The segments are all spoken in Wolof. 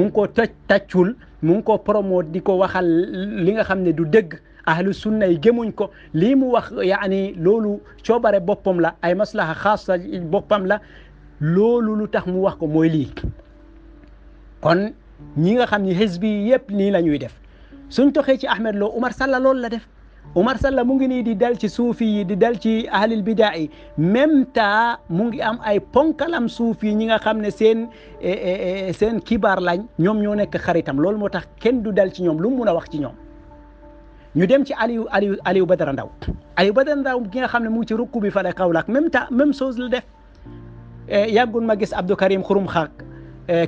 mu ngi koo tëj tàccul mu ngi ko promote di ko waxal li nga xam ne du dëgg ahlu sunna yi gëmuñ ko lii mu wax yaani loolu coobare boppam la ay maslaha xaasa boppam la loolu lu tax mu wax ko mooy lii kon ñi nga xam ne xisbi yëpp nii la ñuy def suñ toxee ci Ahmed Lo Umar Salla loolu la def Umar Sall mu ngi nii di dal ci suufi yi di dal ci ahlil bidaa yi même temps mu ngi am ay ponkalam suufi yi ñi nga xam ne seen eh, eh, eh, seen kibaar lañ ñoom ñoo nekk xaritam loolu moo tax kenn du dal ci ñoom lu mu mun a wax ci ñoom ñu dem ci Aliou Aliou Aliou Badara Ndaw Aliou Badara Ndaw ki nga xam ne mu ngi ci rukku bi fale Kaolack même temps même chose la def yàggun ma gis Abdou Karim Xurum Xaq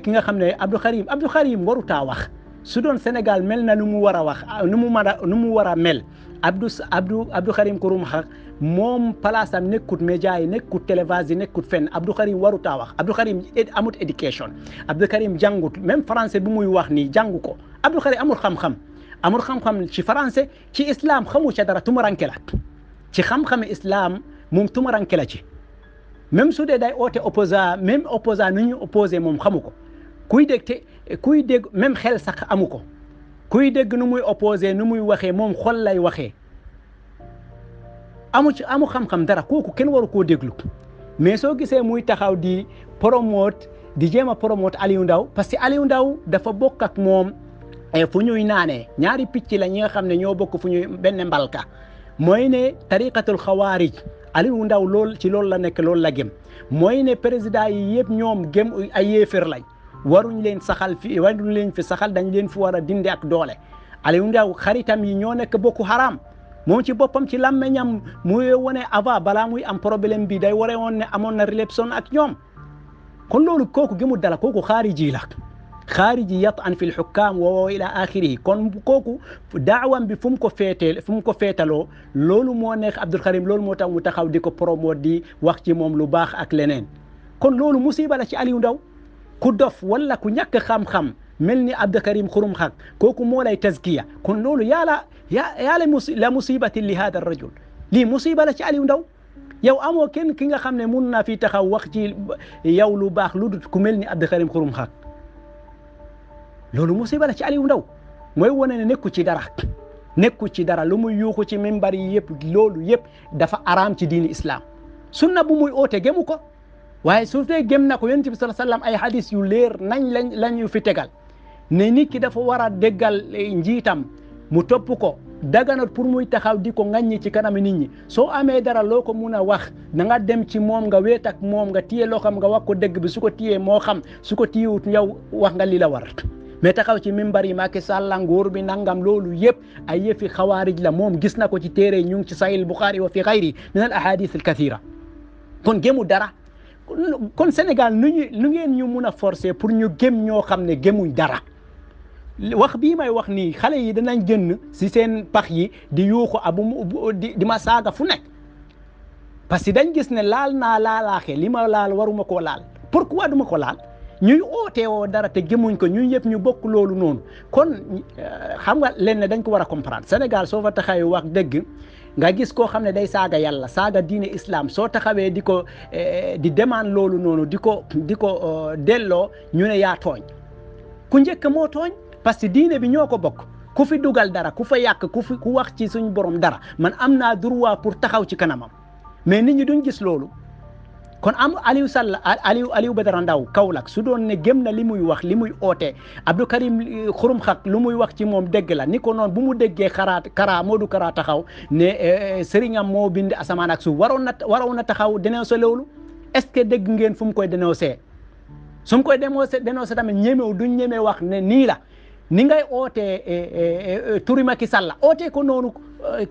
ki nga xam ne Abdou Karim Abdou Karim waru taa wax su doon Sénégal mel na lu mu war a wax nu mu mën a nu mu war a mel Abdou Abdou Abdou Karim Xrum Xax moom place nekkut média yi nekkut télévase yi nekkut fenn Abdou Karim warutaa wax Abdou Karim amut éducation Abdou Karim jàngut même français bu muy wax nii jàngu ko Abdou Karim amul xam-xam amul xam-xam ci français ci islam xamu ca dara tumaranke la ci xam-xam islam moom tumaranke la ci même su dee day oote opposant même opposant nu ñu opposé moom xamu ko kuy dégg te kuy dégg même xel sax amu ko kuy dégg nu muy opposé nu muy waxee moom xol lay waxee amu ci amu xam-xam dara kooku kenn waru koo déglu mais soo gisee muy taxaw di promote di jéem a promote Aliou ndaw parce que Aliou Ndao dafa bokk ak moom eh, fu ñuy naanee ñaari picc la ñi nga xam ne ñoo bokk fu ñuy benn mbalka mooy ne tariqatul xawaarij Aliou ndaw lool ci loolu la nekk loolu la gëm mooy ne président yi yëpp ñoom gëm a yéefar lañ waruñ leen saxal fi waruñ leen fi saxal dañ leen fi war a dindi ak doole Aliou Ndao xaritam yi ñoo nekk Boko Haram moom ci boppam ci làmmeñam muy wone avant balaa muy am problème bi day ware woon ne amoon na relation ak ñoom kon loolu kooku gëmul dala kooku xaariji la xaariji yat an fi lxukkaam woo ila axirihi kon kooku daawam bi fu mu ko feetee fu mu ko feetaloo loolu moo nekk Abdul Karim loolu moo tax mu taxaw di ko promote di wax ci moom lu baax ak leneen kon loolu musiba la ci Aliou ndaw ku dof wala ku ñàkk xam-xam mel ni Abdou Karim Xurum Xaq kooku moo lay tazkiya kon loolu yaa la yaa yaa la la musibati li hada rajul lii musiba la ci Aliou ndaw yow amoo kenn ki nga xam ne mun naa fi taxaw wax ci lu baax lu dut ku mel ni Abdou Karim Xurum loolu musiba la ci Aliou ndaw mooy wane ne nekku ci dara nekku ci dara lu muy yuuxu ci mimbar yi yëpp loolu yëpp dafa araam ci diini islam sunna bu muy oote gemu ko waaye su tee gém na ko yonent bi sallallahu alayhi wa ay hadis yu leer nañ lañ lañu fi tegal ne nit ki dafa war a déggal njiitam mu topp ko daganat pour muy taxaw di ko ŋaññi ci kanam nit ñi soo amee dara loo ko mun a wax na nga dem ci moom nga weet ak moom nga téye loo xam nga wax ko dëgg bi su ko téyee moo xam su ko téyewut yow wax nga li la war mais taxaw ci mimbar yi Macky Sall bi nangam loolu yëpp ay yëfi xawaarij la moom gis na ko ci téere ñu ngi ci Sahih Bukhari wa fi xayri min al ahadith al kathira kon gému dara kon Sénégal nu ñu nu ngeen ñu mun a forcer pour ñu gém ñoo xam ne gémuñ dara wax bii may wax nii xale yi danañ génn si seen pax yi di yuuxu abu di di ma saaga fu nekk parce que dañ gis ne laal naa laalaaxee li ma laal waruma ko laal pourquoi duma ko laal ñuy ootee woo dara te gémuñ ko ñun yëpp ñu bokk loolu noonu kon euh, xam nga leen ne dañ ko war a comprendre Sénégal soo fa taxaw wax dëgg nga gis koo xam ne day saaga yàlla saaga diine islam soo taxawee di ko eh, eh, di demande loolu noonu di ko di ko eh, delloo ñu ne yaa tooñ ku njëkk moo tooñ parce que diine bi ñoo ko bokk ku fi dugal dara ku fa yàq ku fi ku wax ci suñu borom dara man am naa droit pour taxaw ci kanamam mais nit ñi duñ gis loolu. kon am Aliou Sall Aliou Aliou Badara Ndaw Kaolack su doon ne gëm na li muy wax li muy oote Abdou Karim eh, Xurum Xaq lu muy wax ci moom dégg la ni ko noonu bu mu déggee xaraa karaa Modou Kara taxaw ne eh, eh, sëriñam moo bind asamaan ak suuf waroon na waroon na taxaw dénoncé loolu est-ce que dégg ngeen fu mu koy dénoncé su mu koy dénoncé dénoncé tamit ñemew duñ ñemee wax ne nii la ni ngay ootee turi Macky Sall ootee ko noonu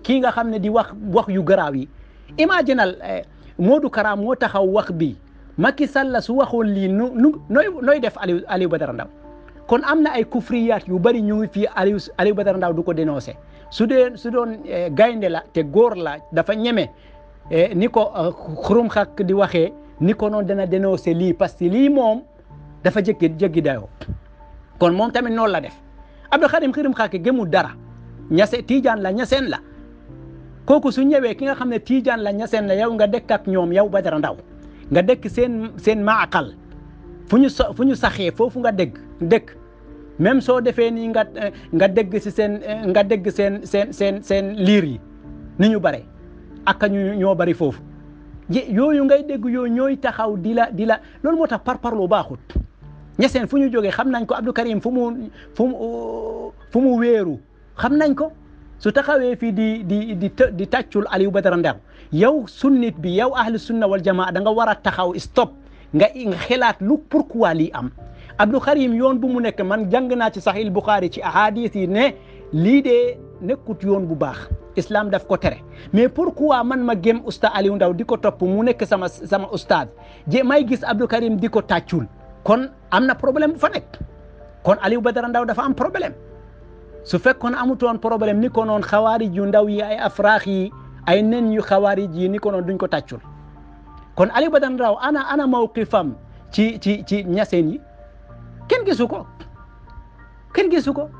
kii nga xam ne di wax wax yu garaaw yi imaginal moodu Kara woo taxaw wax bi Macky Sall su waxoon lii nu nu nooy nooy def Aliou Aliou Badara Ndaw kon am na ay kufriyaat yu bëri ñu ngi fii Aliou Aliou Badara Ndaw du ko dénoncé su dee su doon eh, gaynde la te góor la dafa ñeme eh, ni ko eh, xurum xak di waxee ni ko noonu dana dénoncé lii parce que lii moom dafa jéggi jéggi dayoo kon moom tamit noonu la def Abdou Karim xurum xak gëmul dara ñase Tiijaan la ñaseen la kooku su ñëwee ki nga xam ne tiijan la ñaseen la yow nga dëkk ak ñoom yow Badara Ndaw nga dëkk seen seen maaqal fu ñu so fu ñu saxee foofu nga dégg dëkk même soo defee nii nga nga dégg si seen nga dégg seen seen seen seen liir yi ni ñu bare ak ñu ñoo bari foofu yooyu ngay dégg yooyu ñooy taxaw di la di la loolu moo tax parparloo baaxut ñaseen fu ñu jógee xam nañ ko Abdou Karim fu mu fu mu fu mu wéeru xam nañ ko su taxawee fii di di di di tàccul Aliou Badara Ndao yow sunnit bi yow ahlu sunna wal jamaa da nga war a taxaw stop nga nga xalaat lu pourquoi lii am Abdou Karim yoon bu mu nekk man jàng naa ci Sahih Bukhari ci ahadis yi ne lii dee nekkut yoon bu baax islam daf ko tere mais pourquoi man ma gém usta Aliou Ndao di ko topp mu nekk sama sama ustaad je may gis Abdou Karim di ko tàccul kon am na problème bu fa nekk kon Aliou Badara Ndao dafa am problème su fekkoon amutoon problème ni ko noon xawaarij yu ndaw yi ay afraax yi ay nen yu xawaarij yi ni ko noon duñ ko tàccul kon Ali Badara Ndao ana ana mawqifam ci ci ci ñaseen yi kenn gisu ko kenn gisu ko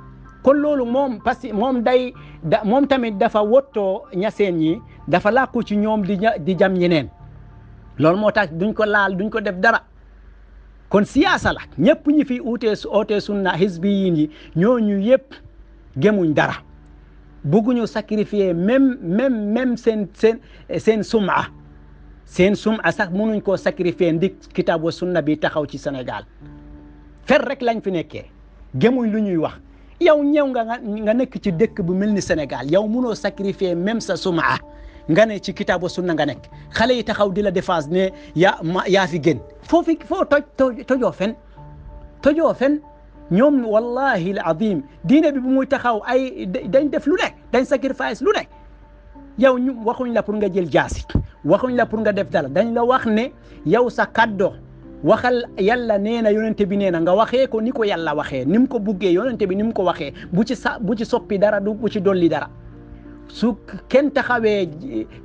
kon loolu moom parce que moom day da moom tamit dafa wottoo ñaseen yi dafa làkku ci ñoom di di jam ñeneen loolu moo tax duñ ko laal duñ ko def dara kon siyaasa la ñëpp ñi fi uutee ootee sunna xisbi yi ñooñu yëpp muñ dara bëgguñu sacrifier même même même seen seen seen suma seen suma sax mënuñ koo sacrifier ndi kitaab wa sunna bi taxaw ci senegal fer rek lañ fi nekkee gëmuñ lu ñuy wax yow ñëw nga nga nekk ci dëkk bu mel ni Sénégal yow mënoo sacrifier même sa suma nga ne ci kitaab wa sunna nga nekk xale yi taxaw di la défense ne yaa yaa fi gën foofu foo fen tojoo fen ñoom wallahi la azim diine bi bu muy taxaw ay dañ def lu nekk dañ sacrifice lu nekk yow ñu waxuñ la pour nga jël jaasi waxuñ la pour nga def dara dañ la wax ne yow sa kaddo waxal yàlla nee na yonente bi nee na nga waxee ko ni ko yàlla waxee ni mu ko buggee yonente bi ni mu ko waxee bu ci sa bu ci soppi dara du bu ci dolli dara su kenn taxawee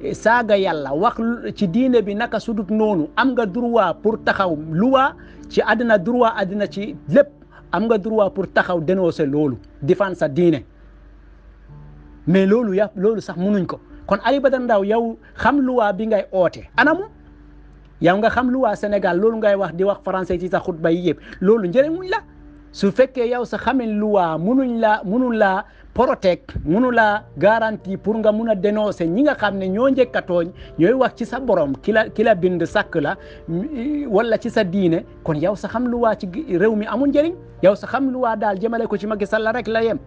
eh, saaga yàlla wax ci diine bi naka sudut noonu am nga droit pour taxaw luwa ci àddina droit àddina ci lépp am nga droit pour taxaw dénoncer loolu défendre sa diine mais loolu ya loolu sax munuñ ko kon Ali Badara Ndao yow xam luwaa bi ngay oote anamu yow nga xam luwaa Sénégal loolu ngay wax di wax français ci sa xutba yi yëpp loolu njëriñuñ la su fekkee yow sa xamin luwaa munuñ laa munuñ laa Protect munu laa garantie pour nga mun a dénoncer ñi nga xam ne ñoo njëkk a tooñ ñooy wax ci sa borom ki la ki la bind sàkk la mm, wala ci sa diine kon yow sa xam lu ci réew mi amul njëriñ yow sa xam daal jëmale ko ci Macky Sall rek la yem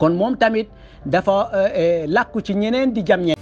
kon moom tamit dafa euh, euh, làkku ci ñeneen di jam ñeneen